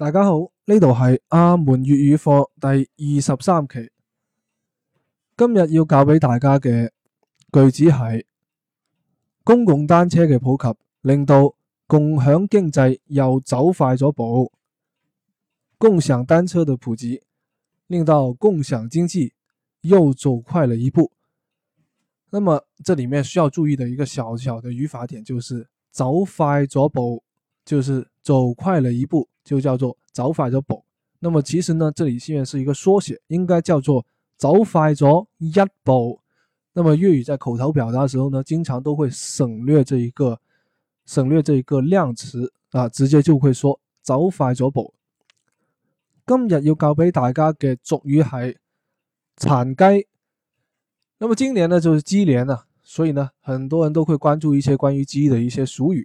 大家好，呢度係阿門粵語課第二十三期。今日要教俾大家嘅句子係：公共單車嘅普及，令到共享經濟又走快咗步。共享單車的普及令到共享經濟又走快了一步。那麼這裏面需要注意的一個小小的語法點就是走快咗步，就是。走快了一步，就叫做走快咗步。那麼其實呢，這裏現在是一個縮寫，應該叫做走快咗一步。那麼粵語在口頭表達的時候呢，經常都會省略這一個，省略這一個量詞啊，直接就會說走快咗步。今日要教俾大家嘅俗語係殘雞。那麼今年呢就是雞年啊，所以呢很多人都會關注一些關於雞的一些俗語。